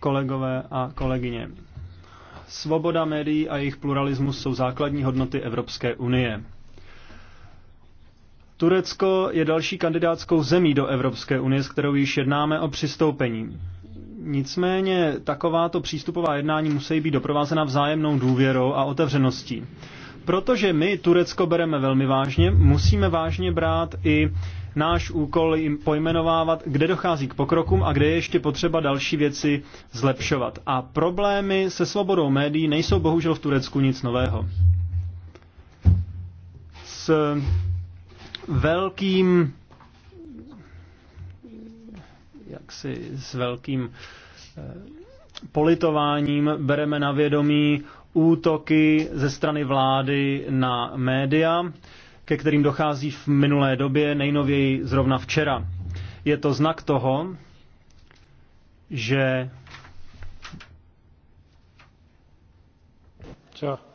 kolegové a kolegyně. Svoboda médií a jejich pluralismus jsou základní hodnoty Evropské unie. Turecko je další kandidátskou zemí do Evropské unie, s kterou již jednáme o přistoupení. Nicméně takováto přístupová jednání musí být doprovázena vzájemnou důvěrou a otevřeností. Protože my Turecko bereme velmi vážně, musíme vážně brát i náš úkol jim pojmenovávat, kde dochází k pokrokům a kde je ještě potřeba další věci zlepšovat. A problémy se svobodou médií nejsou bohužel v Turecku nic nového. S velkým jaksi s velkým eh, politováním bereme na vědomí útoky ze strany vlády na média ke kterým dochází v minulé době, nejnověji zrovna včera. Je to znak toho, že Čau.